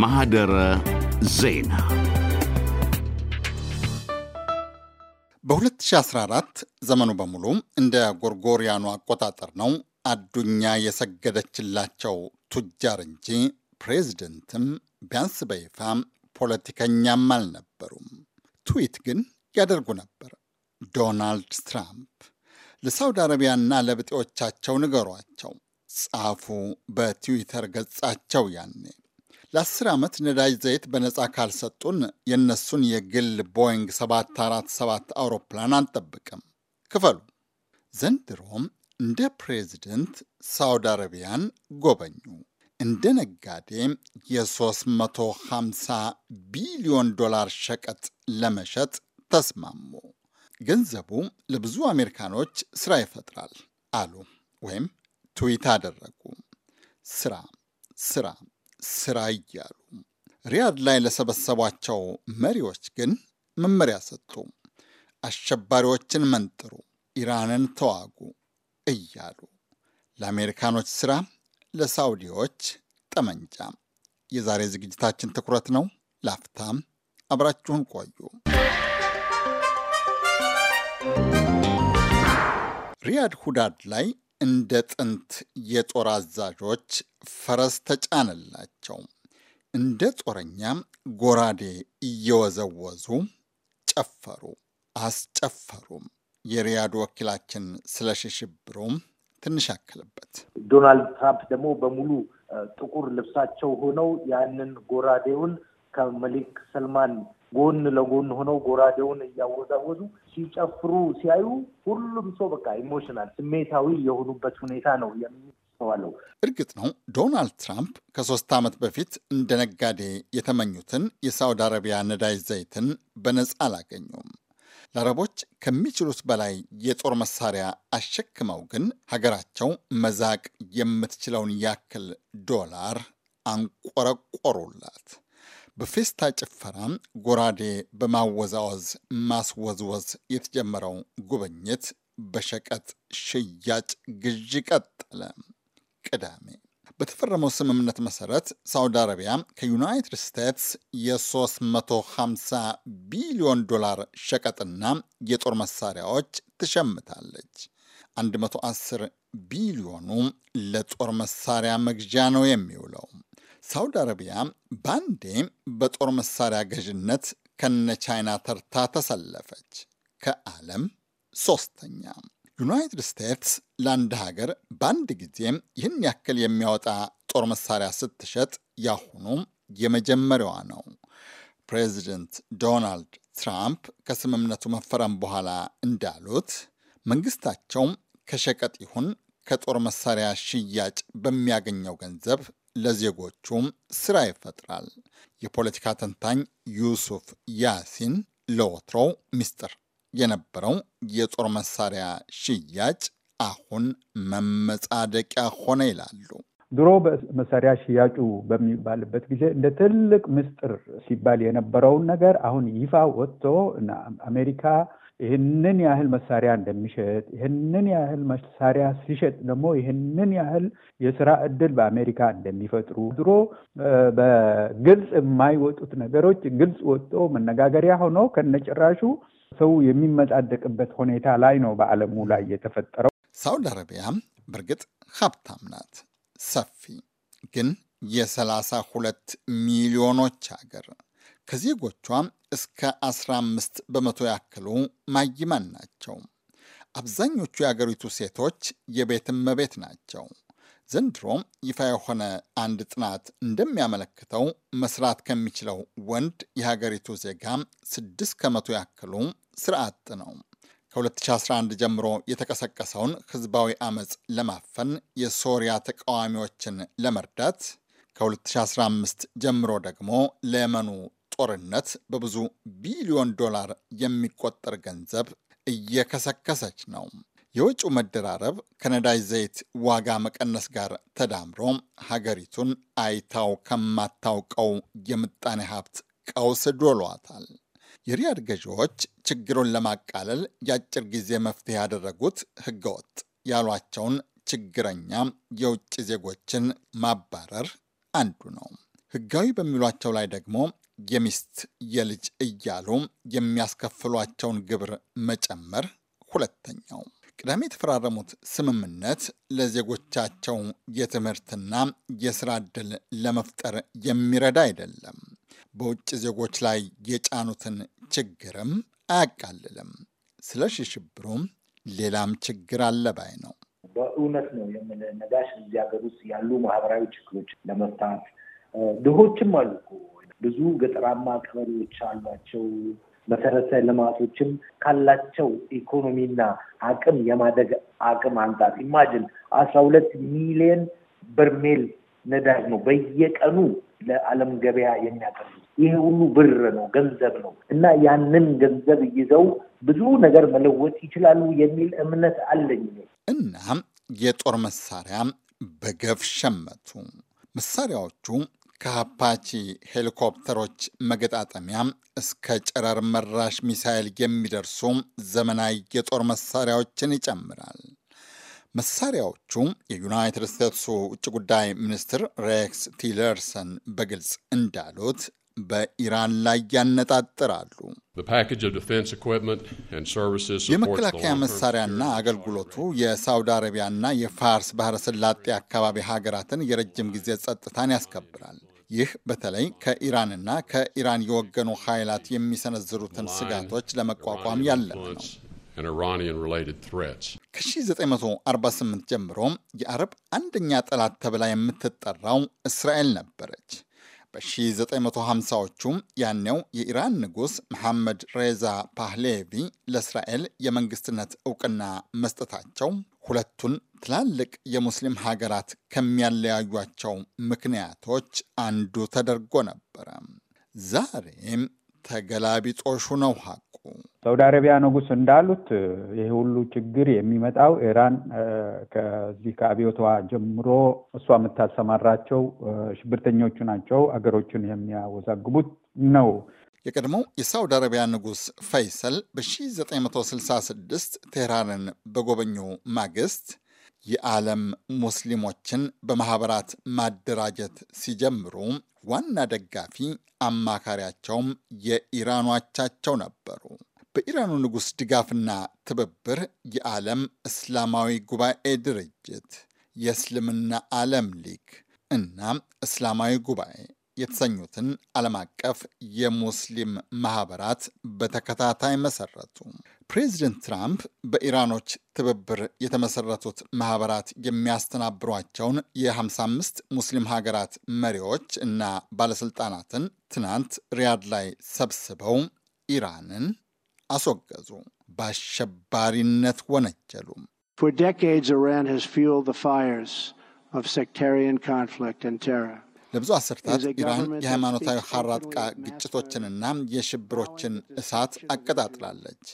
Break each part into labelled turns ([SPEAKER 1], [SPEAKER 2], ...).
[SPEAKER 1] ማህደረ ዜና በ2014 ዘመኑ በሙሉ እንደ ጎርጎሪያኑ አቆጣጠር ነው። አዱኛ የሰገደችላቸው ቱጃር እንጂ ፕሬዝደንትም ቢያንስ በይፋ ፖለቲከኛም አልነበሩም። ትዊት ግን ያደርጉ ነበር። ዶናልድ ትራምፕ ለሳውዲ አረቢያና ለብጤዎቻቸው ንገሯቸው ጻፉ በትዊተር ገጻቸው ያኔ ለአስር ዓመት ነዳጅ ዘይት በነፃ ካልሰጡን የእነሱን የግል ቦይንግ 747 አውሮፕላን አንጠብቅም፣ ክፈሉ። ዘንድሮም እንደ ፕሬዚደንት ሳውዲ አረቢያን ጎበኙ። እንደ ነጋዴ የ350 ቢሊዮን ዶላር ሸቀጥ ለመሸጥ ተስማሙ። ገንዘቡ ለብዙ አሜሪካኖች ስራ ይፈጥራል አሉ ወይም ትዊት አደረጉ። ስራ ስራ ስራ እያሉ ሪያድ ላይ ለሰበሰቧቸው መሪዎች ግን መመሪያ ሰጡ። አሸባሪዎችን መንጥሩ፣ ኢራንን ተዋጉ እያሉ ለአሜሪካኖች ስራ፣ ለሳውዲዎች ጠመንጃ። የዛሬ ዝግጅታችን ትኩረት ነው። ላፍታም አብራችሁን ቆዩ። ሪያድ ሁዳድ ላይ እንደ ጥንት የጦር አዛዦች ፈረስ ተጫነላቸው። እንደ ጦረኛ ጎራዴ እየወዘወዙ ጨፈሩ፣ አስጨፈሩም። የሪያድ ወኪላችን ስለሽሽብሩም ትንሽ አክልበት። ዶናልድ
[SPEAKER 2] ትራምፕ ደግሞ በሙሉ ጥቁር ልብሳቸው ሆነው ያንን ጎራዴውን ከመሊክ ሰልማን ጎን ለጎን ሆነው ጎራዴውን እያወዛወዙ ሲጨፍሩ ሲያዩ ሁሉም ሰው በቃ ኢሞሽናል ስሜታዊ የሆኑበት ሁኔታ ነው
[SPEAKER 1] የሚስተዋለው። እርግጥ ነው ዶናልድ ትራምፕ ከሶስት ዓመት በፊት እንደ ነጋዴ የተመኙትን የሳውዲ አረቢያ ነዳጅ ዘይትን በነፃ አላገኙም። ለአረቦች ከሚችሉት በላይ የጦር መሳሪያ አሸክመው ግን ሀገራቸው መዛቅ የምትችለውን ያክል ዶላር አንቆረቆሩላት። በፌስታ ጭፈራ፣ ጎራዴ በማወዛወዝ ማስወዝወዝ የተጀመረው ጉብኝት በሸቀጥ ሽያጭ ግዥ ቀጠለ። ቅዳሜ በተፈረመው ስምምነት መሰረት ሳውዲ አረቢያ ከዩናይትድ ስቴትስ የ350 ቢሊዮን ዶላር ሸቀጥና የጦር መሳሪያዎች ትሸምታለች። 110 ቢሊዮኑ ለጦር መሳሪያ መግዣ ነው የሚውለው። ሳውዲ አረቢያ ባንዴ በጦር መሳሪያ ገዥነት ከነ ቻይና ተርታ ተሰለፈች፣ ከዓለም ሶስተኛ። ዩናይትድ ስቴትስ ለአንድ ሀገር በአንድ ጊዜ ይህን ያክል የሚያወጣ ጦር መሳሪያ ስትሸጥ ያሁኑ የመጀመሪያዋ ነው። ፕሬዚደንት ዶናልድ ትራምፕ ከስምምነቱ መፈረም በኋላ እንዳሉት መንግስታቸው ከሸቀጥ ይሁን ከጦር መሳሪያ ሽያጭ በሚያገኘው ገንዘብ ለዜጎቹም ስራ ይፈጥራል። የፖለቲካ ተንታኝ ዩሱፍ ያሲን ለወትሮው ሚስጥር የነበረው የጦር መሳሪያ ሽያጭ አሁን መመጻደቂያ ሆነ ይላሉ።
[SPEAKER 3] ድሮ መሳሪያ ሽያጩ በሚባልበት ጊዜ እንደ ትልቅ ምስጢር ሲባል የነበረውን ነገር አሁን ይፋ ወጥቶ አሜሪካ ይህንን ያህል መሳሪያ እንደሚሸጥ ይህንን ያህል መሳሪያ ሲሸጥ ደግሞ ይህንን ያህል የስራ እድል በአሜሪካ እንደሚፈጥሩ ድሮ በግልጽ የማይወጡት ነገሮች ግልጽ ወጥቶ መነጋገሪያ ሆኖ ከነጭራሹ ሰው የሚመጣደቅበት ሁኔታ ላይ ነው በዓለሙ ላይ የተፈጠረው።
[SPEAKER 1] ሳውዲ አረቢያ በእርግጥ ሀብታም ናት፣ ሰፊ ግን የሰላሳ ሁለት ሚሊዮኖች ሀገር ከዜጎቿ እስከ 15 በመቶ ያክሉ ማይማን ናቸው። አብዛኞቹ የአገሪቱ ሴቶች የቤት እመቤት ናቸው። ዘንድሮ ይፋ የሆነ አንድ ጥናት እንደሚያመለክተው መስራት ከሚችለው ወንድ የሀገሪቱ ዜጋ 6 ከመቶ ያክሉ ስራ አጥ ነው። ከ2011 ጀምሮ የተቀሰቀሰውን ህዝባዊ አመፅ ለማፈን የሶሪያ ተቃዋሚዎችን ለመርዳት ከ2015 ጀምሮ ደግሞ ለየመኑ ጦርነት በብዙ ቢሊዮን ዶላር የሚቆጠር ገንዘብ እየከሰከሰች ነው። የውጭው መደራረብ ከነዳጅ ዘይት ዋጋ መቀነስ ጋር ተዳምሮ ሀገሪቱን አይታው ከማታውቀው የምጣኔ ሀብት ቀውስ ዶሏታል። የሪያድ ገዢዎች ችግሩን ለማቃለል የአጭር ጊዜ መፍትሄ ያደረጉት ህገወጥ ያሏቸውን ችግረኛ የውጭ ዜጎችን ማባረር አንዱ ነው። ህጋዊ በሚሏቸው ላይ ደግሞ የሚስት የልጅ እያሉ የሚያስከፍሏቸውን ግብር መጨመር ሁለተኛው። ቅዳሜ የተፈራረሙት ስምምነት ለዜጎቻቸው የትምህርትና የስራ ዕድል ለመፍጠር የሚረዳ አይደለም። በውጭ ዜጎች ላይ የጫኑትን ችግርም አያቃልልም። ስለ ሽብሩም ሌላም ችግር አለባይ ነው።
[SPEAKER 2] በእውነት ነው የምልህ ነጋሽ፣ እዚህ ሀገር ውስጥ ያሉ ማህበራዊ ችግሮች ለመፍታት ድሆችም አሉ ብዙ ገጠራማ ቀበሌዎች አሏቸው። መሰረተ ልማቶችም ካላቸው ኢኮኖሚና አቅም የማደግ አቅም አንጻር ኢማጅን አስራ ሁለት ሚሊዮን በርሜል ነዳጅ ነው በየቀኑ ለዓለም ገበያ የሚያቀርቡ። ይሄ ሁሉ ብር ነው ገንዘብ ነው እና ያንን ገንዘብ ይዘው ብዙ ነገር መለወጥ ይችላሉ የሚል እምነት አለኝ።
[SPEAKER 1] እና የጦር መሳሪያ በገፍ ሸመቱ። መሳሪያዎቹ ከአፓቺ ሄሊኮፕተሮች መገጣጠሚያ እስከ ጨረር መራሽ ሚሳይል የሚደርሱ ዘመናዊ የጦር መሳሪያዎችን ይጨምራል። መሳሪያዎቹ የዩናይትድ ስቴትሱ ውጭ ጉዳይ ሚኒስትር ሬክስ ቲለርሰን በግልጽ እንዳሉት በኢራን ላይ ያነጣጥራሉ።
[SPEAKER 3] የመከላከያ መሳሪያና
[SPEAKER 1] አገልግሎቱ የሳውዲ አረቢያና የፋርስ ባህረ ስላጤ አካባቢ ሀገራትን የረጅም ጊዜ ጸጥታን ያስከብራል። ይህ በተለይ ከኢራንና ከኢራን የወገኑ ኃይላት የሚሰነዝሩትን ስጋቶች ለመቋቋም ያለመ ነው። ከ1948 ጀምሮ የአረብ አንደኛ ጠላት ተብላ የምትጠራው እስራኤል ነበረች። በ1950ዎቹ ያኔው የኢራን ንጉሥ መሐመድ ሬዛ ፓህሌቪ ለእስራኤል የመንግስትነት እውቅና መስጠታቸው ሁለቱን ትላልቅ የሙስሊም ሀገራት ከሚያለያዩቸው ምክንያቶች አንዱ ተደርጎ ነበረ። ዛሬም ተገላቢጦሹ ነው ሀቁ። ሳውዲ አረቢያ ንጉስ እንዳሉት
[SPEAKER 3] ይህ ሁሉ ችግር የሚመጣው ኢራን ከዚህ ከአብዮቷ ጀምሮ እሷ የምታሰማራቸው ሽብርተኞቹ ናቸው አገሮችን የሚያወዛግቡት ነው።
[SPEAKER 1] የቀድሞው የሳውዲ አረቢያ ንጉስ ፈይሰል በ1966 ቴህራንን በጎበኙ ማግስት የዓለም ሙስሊሞችን በማኅበራት ማደራጀት ሲጀምሩ ዋና ደጋፊ አማካሪያቸውም የኢራኗቻቸው ነበሩ። በኢራኑ ንጉሥ ድጋፍና ትብብር የዓለም እስላማዊ ጉባኤ ድርጅት፣ የእስልምና ዓለም ሊግ እና እስላማዊ ጉባኤ የተሰኙትን ዓለም አቀፍ የሙስሊም ማህበራት በተከታታይ መሰረቱ። ፕሬዚደንት ትራምፕ በኢራኖች ትብብር የተመሰረቱት ማህበራት የሚያስተናብሯቸውን የ55 ሙስሊም ሀገራት መሪዎች እና ባለስልጣናትን ትናንት ሪያድ ላይ ሰብስበው ኢራንን አስወገዙ፣ በአሸባሪነት ወነጀሉ። ኢራን decades, Iran has ለብዙ አስርታት ኢራን የሃይማኖታዊ ሐራጥቃ ግጭቶችንና የሽብሮችን እሳት አቀጣጥላለች።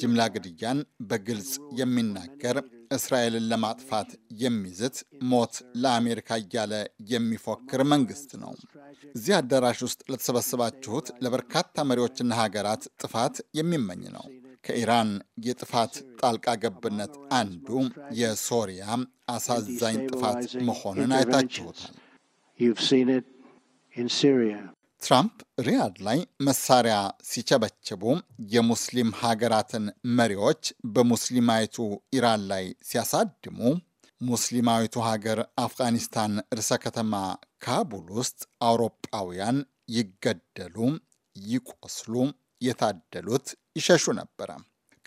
[SPEAKER 1] ጅምላ ግድያን በግልጽ የሚናገር እስራኤልን ለማጥፋት የሚዝት ሞት ለአሜሪካ እያለ የሚፎክር መንግስት ነው። እዚህ አዳራሽ ውስጥ ለተሰበሰባችሁት ለበርካታ መሪዎችና ሀገራት ጥፋት የሚመኝ ነው። ከኢራን የጥፋት ጣልቃ ገብነት አንዱ የሶሪያ አሳዛኝ ጥፋት መሆንን አይታችሁታል። ትራምፕ ሪያድ ላይ መሳሪያ ሲቸበችቡ የሙስሊም ሀገራትን መሪዎች በሙስሊማይቱ ኢራን ላይ ሲያሳድሙ ሙስሊማዊቱ ሀገር አፍጋኒስታን ርዕሰ ከተማ ካቡል ውስጥ አውሮጳውያን ይገደሉ፣ ይቆስሉ፣ የታደሉት ይሸሹ ነበረ።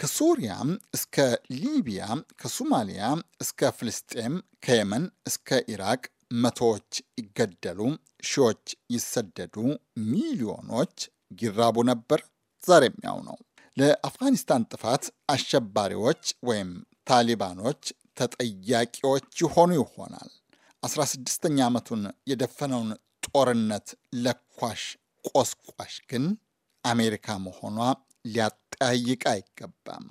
[SPEAKER 1] ከሱሪያ እስከ ሊቢያ፣ ከሶማሊያ እስከ ፍልስጤም፣ ከየመን እስከ ኢራቅ መቶዎች ይገደሉ፣ ሺዎች ይሰደዱ፣ ሚሊዮኖች ይራቡ ነበር። ዛሬም ያው ነው። ለአፍጋኒስታን ጥፋት አሸባሪዎች ወይም ታሊባኖች ተጠያቂዎች ይሆኑ ይሆናል። 16ኛ ዓመቱን የደፈነውን ጦርነት ለኳሽ ቆስቋሽ ግን አሜሪካ መሆኗ ሊያጠያይቅ አይገባም።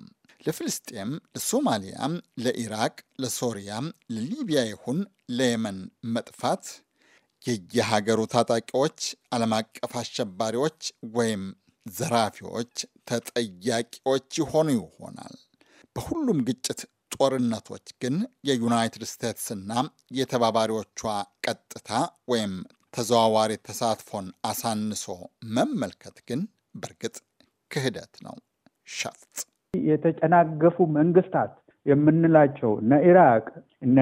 [SPEAKER 1] ለፍልስጤም፣ ለሶማሊያም፣ ለኢራቅ፣ ለሶሪያም፣ ለሊቢያ ይሁን ለየመን መጥፋት የየሀገሩ ታጣቂዎች፣ ዓለም አቀፍ አሸባሪዎች ወይም ዘራፊዎች ተጠያቂዎች ይሆኑ ይሆናል። በሁሉም ግጭት ጦርነቶች ግን የዩናይትድ ስቴትስና የተባባሪዎቿ ቀጥታ ወይም ተዘዋዋሪ ተሳትፎን አሳንሶ መመልከት ግን በእርግጥ ክህደት ነው፣ ሸፍጥ የተጨናገፉ
[SPEAKER 3] መንግስታት የምንላቸው እነ ኢራቅ፣ እነ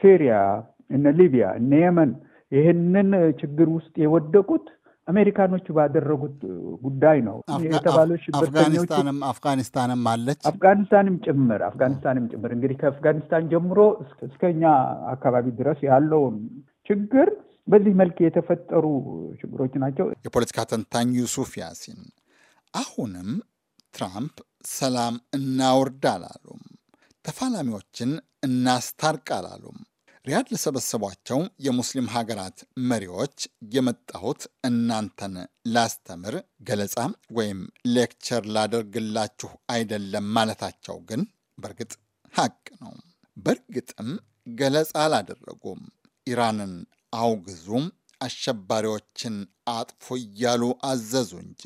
[SPEAKER 3] ሲሪያ፣ እነ ሊቢያ፣ እነ የመን ይህንን ችግር ውስጥ የወደቁት አሜሪካኖቹ ባደረጉት ጉዳይ ነው የተባለው። ሽብርተኞቹም
[SPEAKER 1] አፍጋኒስታንም አለች
[SPEAKER 3] አፍጋኒስታንም ጭምር አፍጋኒስታንም ጭምር እንግዲህ ከአፍጋኒስታን ጀምሮ እስከኛ አካባቢ ድረስ
[SPEAKER 1] ያለውን ችግር በዚህ መልክ የተፈጠሩ ችግሮች ናቸው። የፖለቲካ ተንታኝ ዩሱፍ ያሲን አሁንም ትራምፕ ሰላም እናውርድ አላሉ። ተፋላሚዎችን እናስታርቅ አላሉም። ሪያድ ለሰበሰቧቸው የሙስሊም ሀገራት መሪዎች የመጣሁት እናንተን ላስተምር፣ ገለጻ ወይም ሌክቸር ላደርግላችሁ አይደለም ማለታቸው ግን በእርግጥ ሀቅ ነው። በእርግጥም ገለጻ አላደረጉም። ኢራንን አውግዙ አሸባሪዎችን አጥፉ እያሉ አዘዙ እንጂ።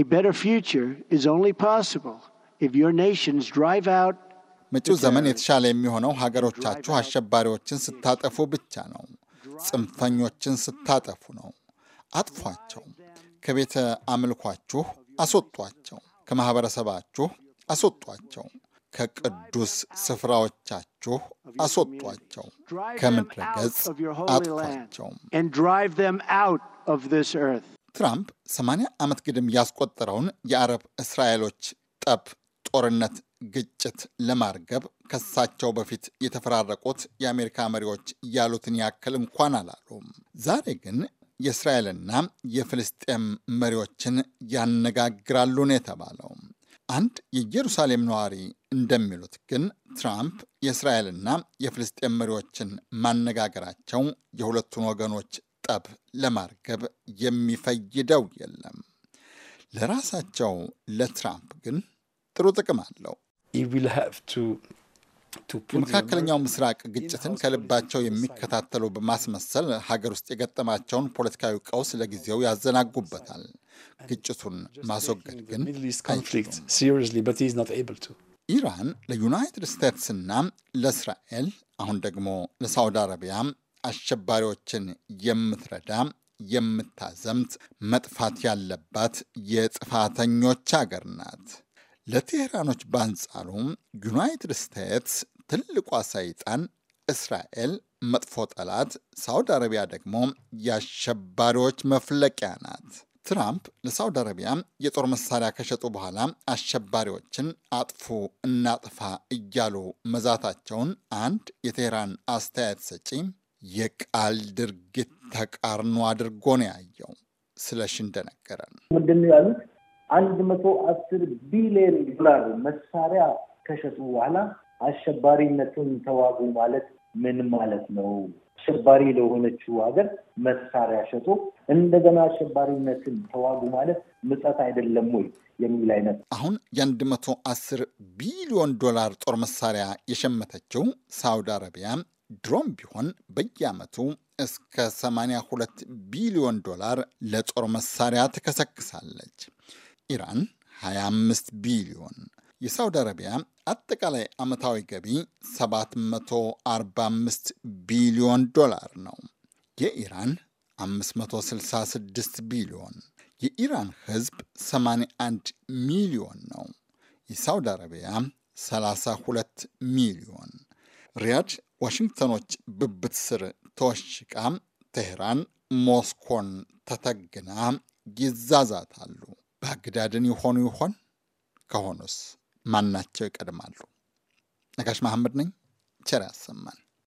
[SPEAKER 1] A better future is only possible if your nations drive out መጪው ዘመን የተሻለ የሚሆነው ሀገሮቻችሁ አሸባሪዎችን ስታጠፉ ብቻ ነው። ጽንፈኞችን ስታጠፉ ነው። አጥፏቸው። ከቤተ አምልኳችሁ አስወጧቸው። ከማኅበረሰባችሁ አስወጧቸው። ከቅዱስ ስፍራዎቻችሁ አስወጧቸው።
[SPEAKER 3] ከምድረ ገጽ
[SPEAKER 1] አጥፏቸው። ትራምፕ 80 ዓመት ግድም ያስቆጠረውን የአረብ እስራኤሎች ጠብ ጦርነት ግጭት ለማርገብ ከሳቸው በፊት የተፈራረቁት የአሜሪካ መሪዎች ያሉትን ያክል እንኳን አላሉም። ዛሬ ግን የእስራኤልና የፍልስጤም መሪዎችን ያነጋግራሉ ነው የተባለው። አንድ የኢየሩሳሌም ነዋሪ እንደሚሉት ግን ትራምፕ የእስራኤልና የፍልስጤም መሪዎችን ማነጋገራቸው የሁለቱን ወገኖች ጠብ ለማርገብ የሚፈይደው የለም። ለራሳቸው ለትራምፕ ግን ጥሩ ጥቅም አለው። የመካከለኛው ምስራቅ ግጭትን ከልባቸው የሚከታተሉ በማስመሰል ሀገር ውስጥ የገጠማቸውን ፖለቲካዊ ቀውስ ለጊዜው ያዘናጉበታል። ግጭቱን ማስወገድ ግን አይችሉም። ኢራን ለዩናይትድ ስቴትስና ለእስራኤል አሁን ደግሞ ለሳውዲ አረቢያ አሸባሪዎችን የምትረዳ የምታዘምት መጥፋት ያለባት የጥፋተኞች አገር ናት። ለቴህራኖች በአንጻሩም ዩናይትድ ስቴትስ ትልቋ ሰይጣን፣ እስራኤል መጥፎ ጠላት፣ ሳውዲ አረቢያ ደግሞ የአሸባሪዎች መፍለቂያ ናት። ትራምፕ ለሳውዲ አረቢያ የጦር መሳሪያ ከሸጡ በኋላ አሸባሪዎችን አጥፉ እናጥፋ እያሉ መዛታቸውን አንድ የቴህራን አስተያየት ሰጪ የቃል ድርጊት ተቃርኖ አድርጎ ነው ያየው። ስለሽ እንደነገረን
[SPEAKER 2] ምንድን ነው ያሉት? አንድ መቶ አስር ቢሊዮን ዶላር መሳሪያ ከሸጡ በኋላ አሸባሪነትን ተዋጉ ማለት ምን ማለት ነው? አሸባሪ ለሆነችው ሀገር መሳሪያ ሸጦ እንደገና አሸባሪነትን ተዋጉ ማለት ምጸት አይደለም ወይ የሚል
[SPEAKER 1] አይነት አሁን የአንድ መቶ አስር ቢሊዮን ዶላር ጦር መሳሪያ የሸመተችው ሳውዲ አረቢያ ድሮም ቢሆን በየዓመቱ እስከ 82 ቢሊዮን ዶላር ለጦር መሳሪያ ትከሰክሳለች። ኢራን 25 ቢሊዮን፣ የሳውዲ አረቢያ አጠቃላይ ዓመታዊ ገቢ 745 ቢሊዮን ዶላር ነው። የኢራን 566 ቢሊዮን፣ የኢራን ህዝብ 81 ሚሊዮን ነው። የሳውዲ አረቢያ 32 ሚሊዮን። ሪያድ ዋሽንግተኖች ብብት ስር ተወሽቃ ቴህራን ሞስኮን ተተግና ይዛዛታሉ። በአግዳድን የሆኑ ይሆን? ከሆኑስ ማናቸው ይቀድማሉ? ነጋሽ መሐመድ ነኝ። ቸር ያሰማን።